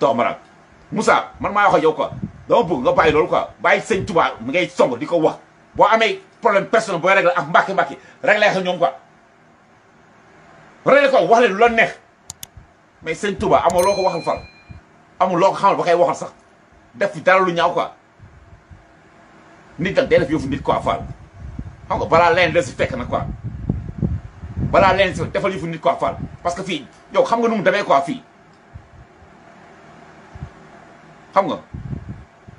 toog ma nag Moussa man maa wax ak yow quoi dama bëgg nga bàyyi loolu quoi bàyyi sëñ Touba mi ngay song di ko wax boo amee problème personnel booy réglé ak mbàkki mbàkki réglé ak ñoom quoi. réglé wax leen lu la neex mais sëñ Touba amoo loo ko waxal fal amul loo ko xamal ba koy waxal sax def fi dara lu ñaaw ko nit nag day def yëfu nit quoi fal xam nga balaa leen de si fekk na quoi balaa leen si defal yëfu nit quoi fal parce que fii yow xam nga nu mu demee quoi fii. không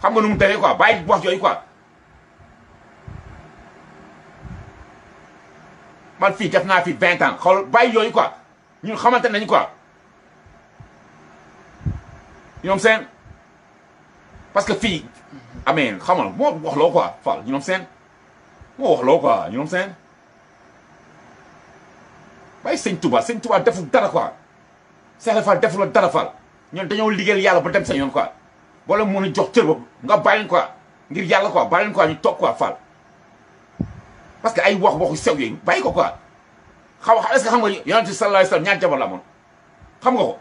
không ngờ, xam nga xam nga ấy mu tëddee quoi bàyyi wax yooyu quoi man fii def naa ấy vingt ans xool bàyyi yooyu này ñun xamante nañ quoi I'm saying, parce que phi, I mean, không một fii ameen xam nga moo wax loo quoi Fall ñoom seen moo wax loo quoi ñoom seen bàyyi sëñ Touba sëñ Touba deful dara quoi Seex Fall deful dara Fall ñoom dañoo liggéeyal yàlla ba dem sa yoon quoi wala mun a jox cër boobu nga bàyyi quoi ngir yàlla ko bàyyi quoi ñu toog quoi faal que ay wax waxu sew yooyu bàyyi ko quoi xaw est que xam nga yonent bi sallallahu alayhi wa sallam ñaar jabar la nga ko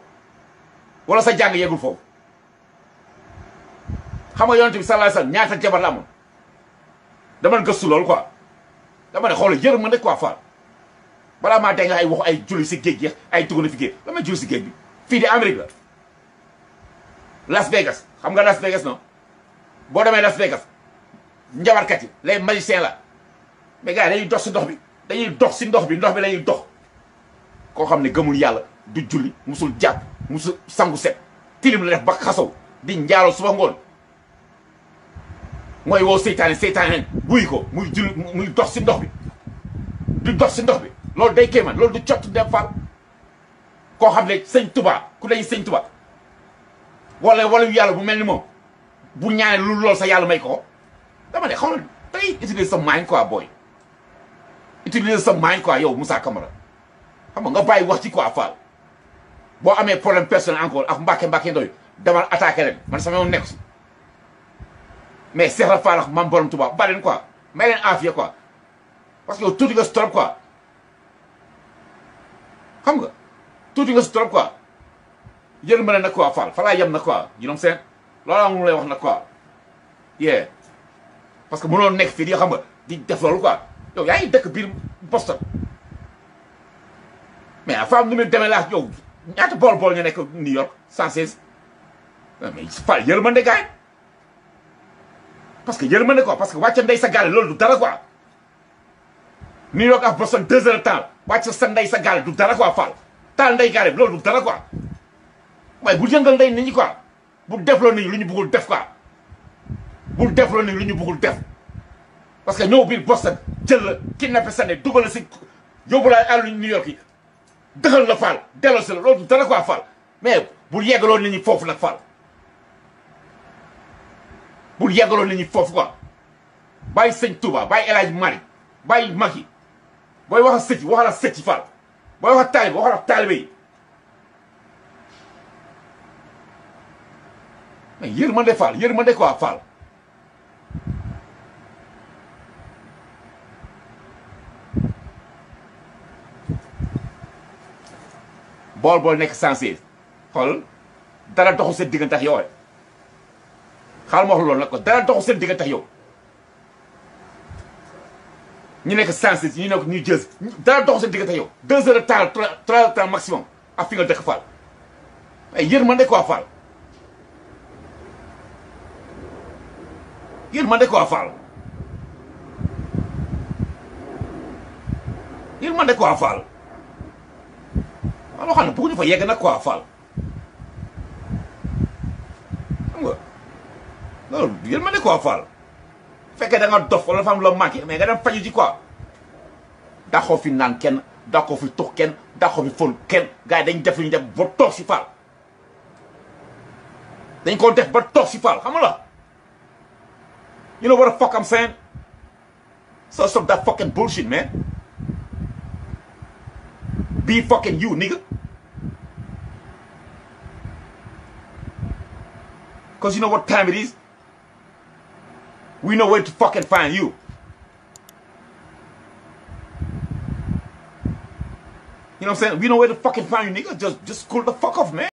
wala sa jàng yeegul foofu xam nga yonent bi sallallahu alayhi wa ñaata jabar la amoon dama gëstu loolu ko dama ne xoolal yërmande quoi faal balaa maa dégg ay waxu ay julli si géej gi ay dugg na fi géej la may julli si géej bi fii di Amérique la. Las Vegas xam nga Las Vegas non boo demee Las Vegas yi les magiciens la mais yi dañuy dox si ndox bi dañuy dox si ndox bi ndox bi lañuy dox koo xam ne gëmul yàlla du julli musul jaat musul sangu set tilim la def ba xasaw di njaaloo suba ngoon mooy woo seytaane seytaane buy ko muy julli muy dox si ndox bi du dox si ndox bi loolu day kéeman loolu du cott dem faal koo xam ne sëñ tubaa ku dañuy sëñ tubaa wala wala yàlla bu mel ni moom bu ñaanee lu lool sa yàlla may ko dama de xoolal tey utiliser sa maañ quoi booy utiliser sa maañ quoi yow Moussa Camara xam nga nga bàyyi wax ci quoi Fall boo amee problème personnel encore ak Mbacke Mbacke Ndoye demal attaqué leen man sama yoon nekk si mais Cheikh la Fall ak mam borom tubaab ba leen quoi may leen affaire ko parce que yow tuuti nga si trop quoi xam nga tuuti nga si trop quoi. yërmande na quoi Fall fa laa yem na quoi you know what I'm saying loolu lay wax na quoi yeah parce que mënoo nekk fii di xam nga di def loolu quoi yow yaa ngi dëkk biir Boston mais afa femme nu muy demee laa yow ñaata bool bool ñu nekk New York 116 mais Fall yërmande gaay parce que yërmande quoi parce que wàcce ndey sa gaale loolu du dara quoi New York a Boston deux heures de temps wàcce sa ndey sa gaale du dara quoi Fall taal ndey gaale loolu du dara quoi waaye bu jëngal ndey nit ñi quoi bul defloo nit ñi lu ñu bëggul def quoi bul defloo nit ñi lu ñu bëggul def parce que ñëw biir Boston jël la kidnappé sa ne dugal la si yóbbu laa àllu New York yi dëxal la faal delloo si la loolu dara quoi faal mais bul yeggaloo nit ñi foofu nag faal bul yeggaloo nit ñi foofu quoi bàyyi sëñ Touba bàyyi El Mari bàyyi Maki booy wax a sëcc waxal a sëcc faal booy wax a taalibe waxal a taalibe yi mais yërmande Fall yërmande quoi fal bool bool nekk sensé xool dara doxul seen diggante ak yow rek xaaral ma wax loolu nag ko dara doxul seen diggante ak yow ñu nekk sensé ñu nekk ñu jëz dara doxul seen diggante ak yow deux heures de temps trois heures de temps maximum ak fi nga dëkk Fall mais yërmande quoi Fall yërmande quoi Fall yërmande quoi Fall waaw loo xam ne bëgguñu fa yegg nag quoi Fall xam nga loolu yërmande quoi Fall fekkee da nga dof wala dafa am loo manqué mais nga dem faju ji quoi daxoo fi naan kenn daxoo fi tux kenn daxoo fi fol kenn gars yi dañ def lu ñu def ba toog si Fall dañ ko def ba toog si Fall xam You know what the fuck I'm saying? So stop that fucking bullshit, man. Be fucking you, nigga. Because you know what time it is? We know where to fucking find you. You know what I'm saying? We know where to fucking find you, nigga. Just, just cool the fuck off, man.